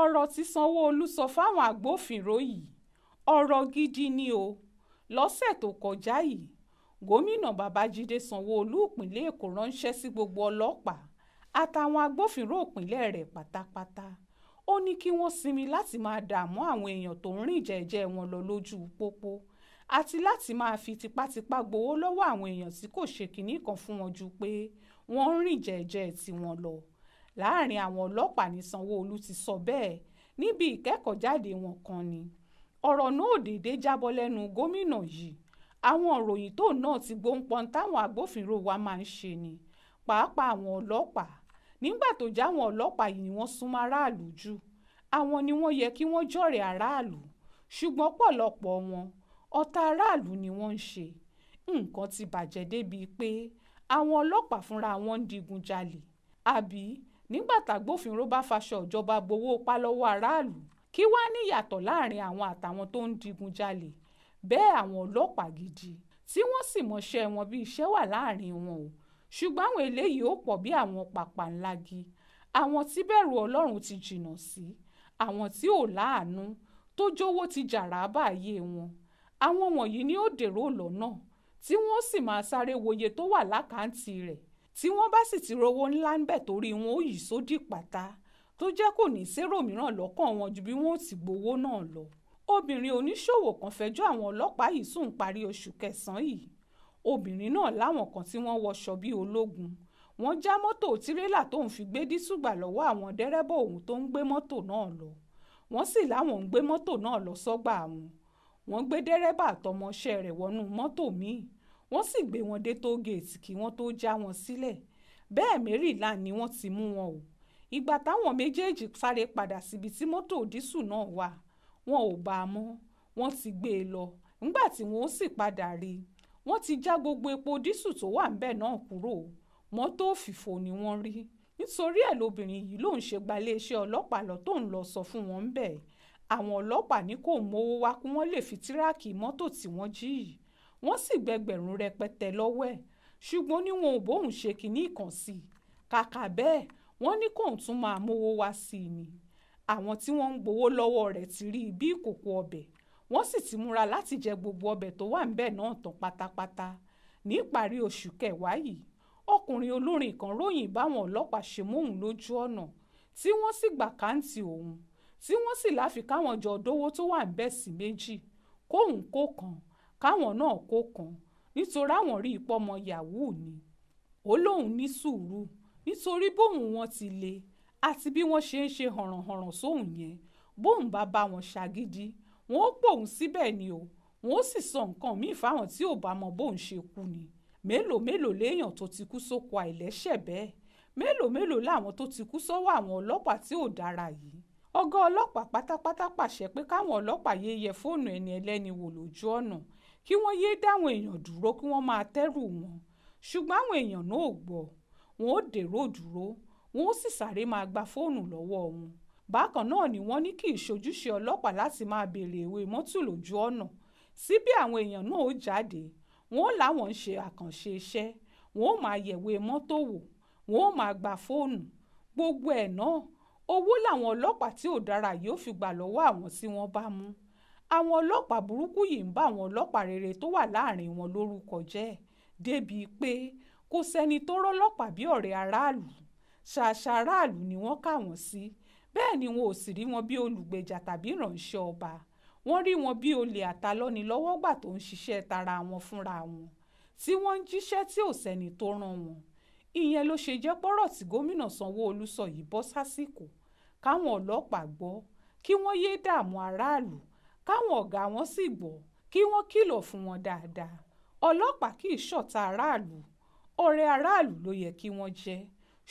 ọ̀rọ̀ tí sanwó-olu sọ fáwọn agbófinró yìí ọ̀rọ̀ gidi ni o lọ́sẹ̀ tó kọjá yìí gómìnà babájídé sanwó-olu ìpínlẹ̀ èkó ránṣẹ́ sí gbogbo ọlọ́pàá àtàwọn agbófinró ìpínlẹ̀ rẹ̀ pátápátá ó ní kí wọ́n sinmi láti máa dààmú àwọn èèyàn tó ń rìn jẹ́ẹ́jẹ́ wọn lọ lójú pópó àti láti máa fi tipátipá gbowó lọ́wọ́ àwọn èèyàn tí kò ṣe kinní kan fún wọn ju pé wọ́n ń rìn jẹ́ẹ́jẹ́ tiwọn lọ láàrin àwọn ọlọ́pàá ní sanwó-olu ti sọ bẹ́ẹ̀ níbi ìkẹ́kọ̀ọ́jáde wọn kan ni ọ̀rọ̀ náà ò déédéé jábọ́ lẹ́nu gómìnà yìí àwọn òròyìn tóun náà ti gbóǹpọn táwọn agbófinró wa máa ń ṣe ni pàápàá àwọn ọlọ́pàá nígbà tó jáwọn ọlọ́pàá yìí ni wọ́n súnmọ́ aráàlú jù àwọn ni wọ́n yẹ kí wọ́n jọ̀rẹ̀ aráàlú ṣùgbọ́n pọ̀lọpọ̀ wọn ọ̀tá aráàlú ni wọ́n ń ṣe nǹkan ti bàjẹ́ débi pé àwọn ọlọ́pàá fúnra wọn ń digun jalè àbí nígbà tágbófinró bá faṣọ ìjọba gbowó pa lọ́wọ́ aráàlú kí wàá níyàtọ̀ láàrin àwọn àtàwọn tó ń digunjalè bẹ́ẹ̀ àwọn ọlọ́pàá gidi tí wọ́n sì mọṣẹ́ wọn bí iṣẹ́ wà láàrin wọn o ṣùgbọ́n àwọn eléyìí ó pọ̀ bí àwọn pàpà ńlági àwọn tí bẹ̀rù ọlọ́run ti jìnnà sí àwọn tí ò láàánú tó jówó ti jàrá báyé wọn àwọn wọ̀nyí ni ó dèrò lọ́nà tí wọ́n sì máa sáré wòye tó wà lákàntì rẹ̀ tí wọ́n bá sì ti rówó ńlá ńbẹ̀ torí wọn ó yí sódì pátá tó jẹ́ kò ní sérò mìíràn lọ́kàn wọn ju bí wọ́n ti gbowó náà lọ. obìnrin oníṣòwò kan fẹjọ́ àwọn ọlọ́pàá yìí sùn parí oṣù kẹsàn-án yìí obìnrin náà láwọn kan tí wọ́n wọṣọ bíi ológun wọ́n já mọ́tò tirẹ́là tóun fi gbé dísù lọ́wọ́ àwọn dẹ́rẹ́bà òun tó ń gbé mọ́tò náà lọ wọ́n sì láwọn ń gbé mọ́tò náà lọ sọ́gbà àwọn wọ́n gbé dẹ́rẹ́bà àtọmọṣẹ́ rẹ̀ wọnú mọ́tò míì wọ́n sì gbé wọn dé tóògèètì kí wọ́n tó já wọn sílẹ̀ bẹ́ẹ̀ mẹ́rìnlá ni wọ́n ti mú wọn o ìgbà táwọn méjèèjì sáré padà síbi tí mọ́tò dísù náà wà wọn ò bá a mọ́ wọ́n ti gbé e lọ ńgbà tí wọ́n sì padà rí i wọ́n ti já gbogbo epo dísù tó wà ńbẹ̀ náà kúrò mọ́tò òfìfo ni wọ́n rí nítorí ẹ̀ lobìnrin yìí ló ń ṣe gba iléeṣẹ́ ọlọ́pàá lọ tó ń lọ sọ fún wọn ńbẹ̀ àwọn ọlọ́pàá ní kò mówó wá kí wọ́n lè fi tíráàkì mọ́tò tí wọ́n jí yìí wọ́n sì gbẹgbẹ̀rún rẹpẹtẹ lọ́wọ́ ẹ̀ ṣùgbọ́n ní wọn ò bóun ṣe kínní kan sí i kàkà bẹ́ẹ̀ wọ́n ní kóun tún máa mówó wá sí i ni àwọn tí wọ́n ń gbowó lọ́wọ́ rẹ̀ ti rí i bí ìkòkò ọbẹ̀ wọ́n sì ti múra láti jẹ gbogbo ọbẹ̀ tó wà ńbẹ̀ náà tán pátápátá ní ìparí oṣù kẹwàá yìí ọkùnrin olórin kan ròyìn báwọn ọlọ́pàá ṣe mú lójú ọ̀nà tí wọ́n sì gbà káǹtì òun tí wọ́n sì láfi káwọn jọ dówó tó wà ńbẹ̀ sí méjì kóun kó kan káwọn náà kó kàn nítorí àwọn rí ipò ọmọ yahoo ni ó lóun ní sùúrù nítorí bóun wọn ti le àti bí wọ́n ṣe ń ṣe hànrànhànràn sóun yẹn bóun bá bá wọn ṣàgídí wọn ó pòun síbẹ̀ ni o wọn ó sì sọ nǹkan míì fáwọn tí ò bá mọ bóun ṣe kú ni mélòó mélòó léèyàn tó ti kú sóko àìlẹ́ṣẹ̀ bẹ́ẹ̀ mélòó mélòó láwọn tó ti kú sọ́wọ́ àwọn ọlọ́pàá tí ò dára yìí ọ̀gá ọlọ́pàá pátápátá pàṣẹ pé káwọn ọlọ́pàá yéé fóònù ẹni ẹlẹ́ni wò lójú ọ̀nà kí wọ́n yéé dáwọn èèyàn dúró kí wọ́n máa tẹ́rù wọn ṣùgbọ́n àwọn èèyàn náà ò gbọ́ wọn ò dèrò dúró wọn ó sì sáré máa gba fóònù lọ́wọ́ wọn bákan náà ni wọ́n ní kí ìṣojúṣe ọlọ́pàá láti máa béèrè ìwé mọ́tò lójú ọ̀nà síbi àwọn èèyàn náà ó jáde wọn ó láwọn ń ṣe àkànṣe iṣẹ́ wọn ó máa yẹ̀wé mọ́tò wò wọn ó máa gba fóònù gbogbo ẹ̀ náà owó làwọn ọlọ́pàá tí ò dára yóò fi gbà lọ́wọ́ àwọn tí wọ́n bá mú àwọn ọlọ́pàá burúkú yìí ń bà àwọn ọlọ́pàá rere tó wà láàrin wọn lórúkọ jẹ́ débìí pé kò sẹ́ni tó rọ́lọ́pàá bí ọ̀rẹ́ aráàlú ṣàṣà aráàlú ni wọ́n kà wọ́n sí bẹ́ẹ̀ ni wọn ò sì rí wọn bí olùgbèjà tàbí ìrànṣẹ́ ọba wọ́n rí wọn bí olè àtàlọ́nilọ́wọ́gbà tó ń ṣiṣẹ́ tara wọn fúnra wọn tí wọ́n ń jíṣẹ́ tí ò sẹ́ni tó rán wọn ìyẹn ló ṣe jẹ́ pọ́rọ̀ tí gómìnà Sanwó-Olú sọ yìí bọ́ sásìkò káwọn ọlọ́pàá gbọ́ kí wọ́n yéé dààmú aráàlú káwọn ọ̀gá wọn sì gbọ́ kí wọ́n kìlọ̀ fún wọn dáadáa ọlọ́pàá kì í ṣọ̀tá aráàlú ọ̀rẹ́ aráàlú ló yẹ kí wọ́n jẹ́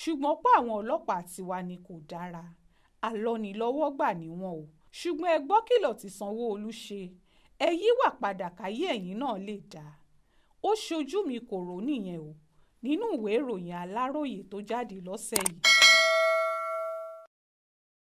ṣùgbọ́n pé àwọn ọlọ́pàá tiwa ni kò dára alọ́nilọ́wọ́gbà ni wọn o ṣùgbọ́n ẹ gbọ́ kìlọ̀ tí Sanwó-Olú ṣe ẹ yíwà padà káyé ẹ̀yin náà lè dáa ó ṣojú mi kò rò nìyẹn o nínú ìwé ìròyìn Aláròyé tó jáde lọ́sẹ̀ yìí